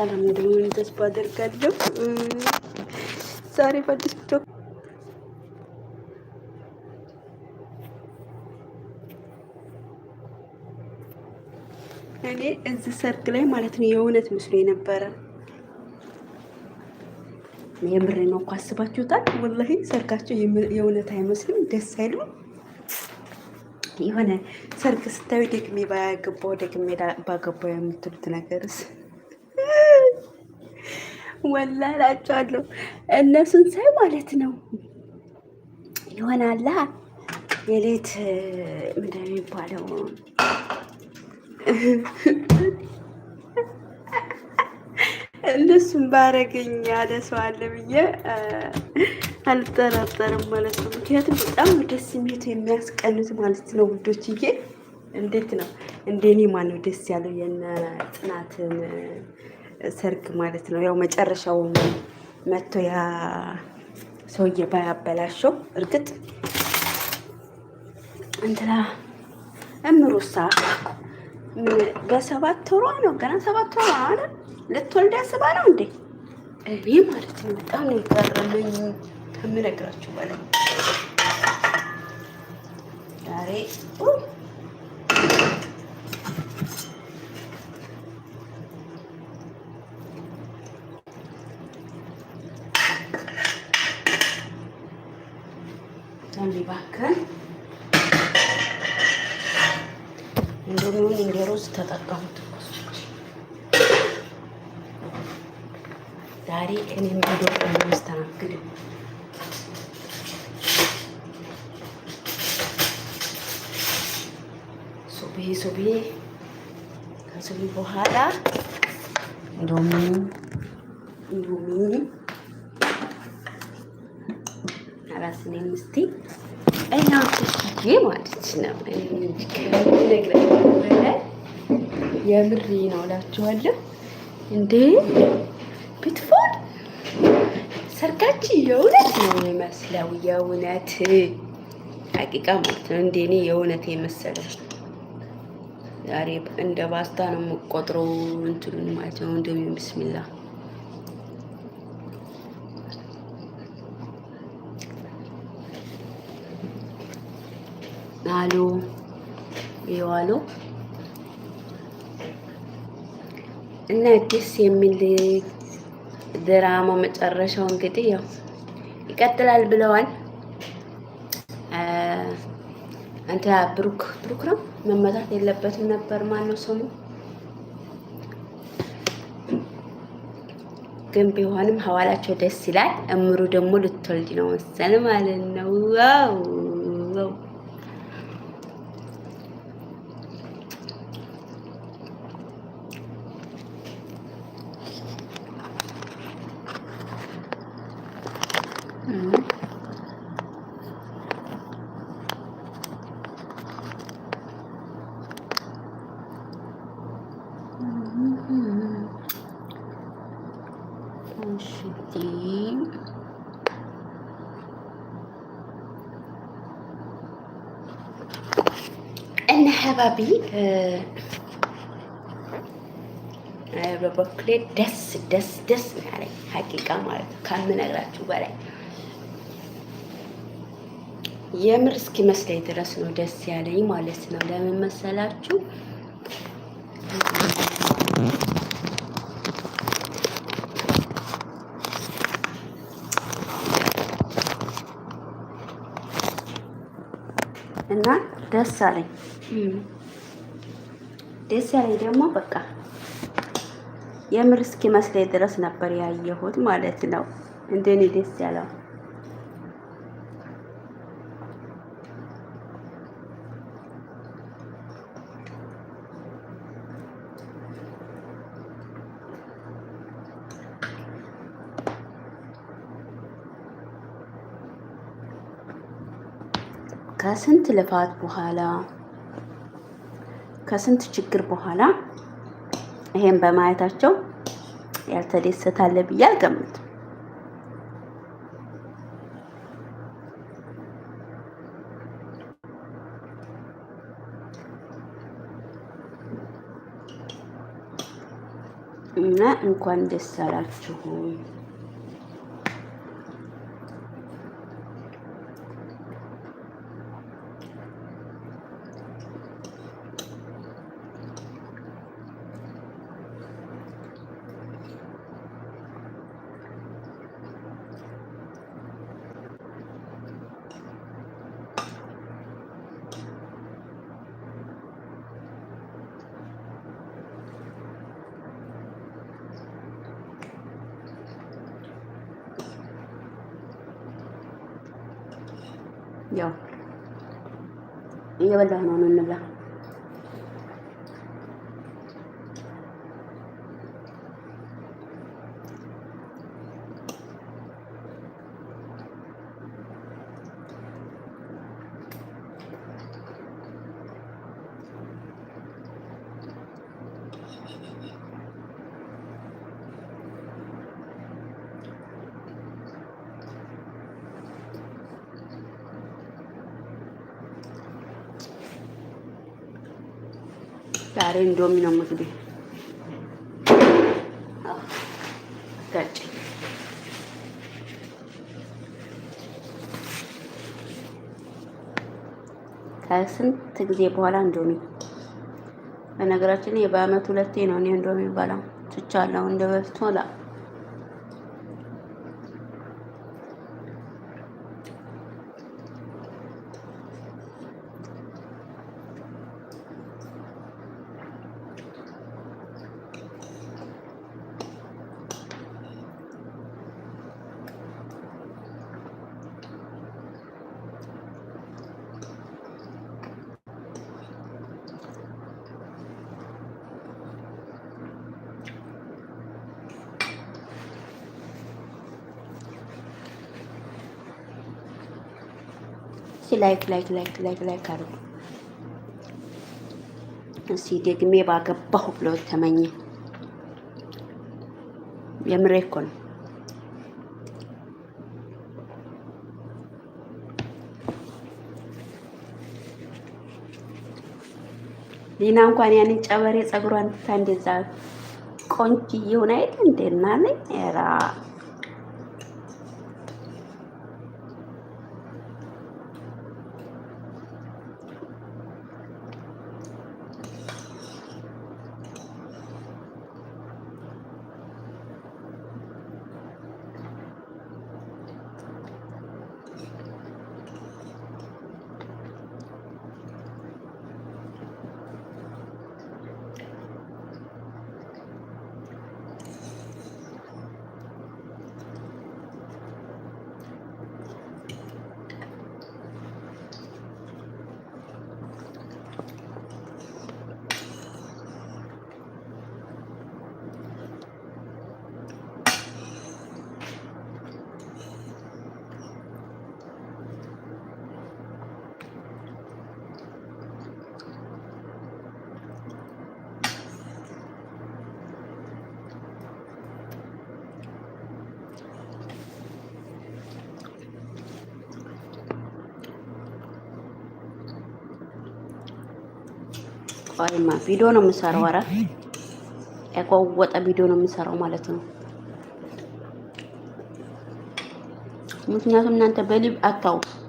ሰላም እንደሚሆን ተስፋ አደርጋለሁ። ዛሬ በአዲስ ቲክቶክ እኔ እዚህ ሰርግ ላይ ማለት ነው የእውነት ምስሉ የነበረ የምሬ ነው እኮ አስባችሁታል። ወላሂ ሰርጋቸው የእውነት አይመስልም፣ ደስ አይሉ የሆነ ሰርግ ስታዩ ደግሜ ባያገባው ደግሜ ባገባው የምትሉት ነገርስ ወላሂ እላቸዋለሁ እነሱን ሳይ ማለት ነው ይሆናላ የሌት ምንድን ነው የሚባለው እነሱን ባረገኝ ያለ ሰው አለ ብዬ አልጠራጠርም ማለት ነው። ምክንያቱም በጣም ደስ የሚሄቱ የሚያስቀኑት ማለት ነው። ውዶችዬ እንዴት ነው እንደኔ ማነው ደስ ያለው የነ ጽናትን ሰርግ ማለት ነው። ያው መጨረሻው መጥቶ ያ ሰውዬ ባያበላሸው። እርግጥ እንትና እምሩሳ በሰባት ወሯ ነው ገና ሰባት ወሯ አለ ልትወልድ ያስባ ነው እንዴ? እኔ ማለት ነው በጣም ነው የገረመኝ ከምነግራችሁ በላይ ዛሬ bahkan domino ini terus tergantung dari ini domino yang terakhir sobi sobi kasur di pojokan ah. domino domino alas ini mesti ጠላትዬ ማለት ነው። የምሬ ነው እላችኋለሁ። እንዴ ብትፎን ሰርጋችን የእውነት ነው የሚመስለው የእውነት ሀቂቃ ማለት ነው። እንደ እኔ የእውነት የመሰለው ዛሬ እንደ ባስታ ነው የምቆጥረው እንትኑን ማለት ነው እንደሚው ብስሚላ አሉ ይዋሉ እና ደስ የሚል ድራማ መጨረሻው እንግዲህ ያው ይቀጥላል ብለዋል። አንተ ብሩክ ብሩክ ነው መመታት የለበትም ነበር። ነው ስሙ ግን ቢሆንም ሀዋላቸው ደስ ይላል። እምሩ ደግሞ ልትወልድ ነው መሰል ማለት ነው። ዋው እና ሀባቢ በበኩሌ ደስ ደስ ደስ ነው ያለኝ ሀቂቃ ማለት ነው ከምነግራችሁ በላይ የምር እስኪመስለኝ ድረስ ነው ደስ ያለኝ ማለት ነው። ለምን መሰላችሁ? እና ደስ አለኝ። ደስ ያለኝ ደግሞ በቃ የምር እስኪመስለኝ ድረስ ነበር ያየሁት ማለት ነው። እንደኔ ደስ ያለው ከስንት ልፋት በኋላ ከስንት ችግር በኋላ ይሄን በማየታቸው ያልተደሰታለ ብዬ አልገምትም። እና እንኳን ደስ አላችሁ። يا يا بالله ما نبلها ዛሬ እንዶሚ ነው ምግቤ። ጋጭ ከስንት ጊዜ በኋላ እንዶሚ። በነገራችን በአመት ሁለቴ ነው እኔ እንዶሚ ባላ ትቻለሁ እንደ በፊቱ ላ እስቲ ላይክ ላይክ ላይክ ላይክ ላይክ አድርጉ። እስቲ ደግሜ ባገባሁ ብሎ ተመኘ። የምሬ እኮ ነው። ሊና እንኳን ያንን ጨበሬ ጸጉሯን ትታ እንደዛ ቆንጆ ይሁን አይደል እንደና ነኝ ራ ቆይማ ቪዲዮ ነው የምሰራው። አረ ያቋወጠ ቪዲዮ ነው የምሰራው ማለት ነው። ምክንያቱም እናንተ በልብ አታውቁ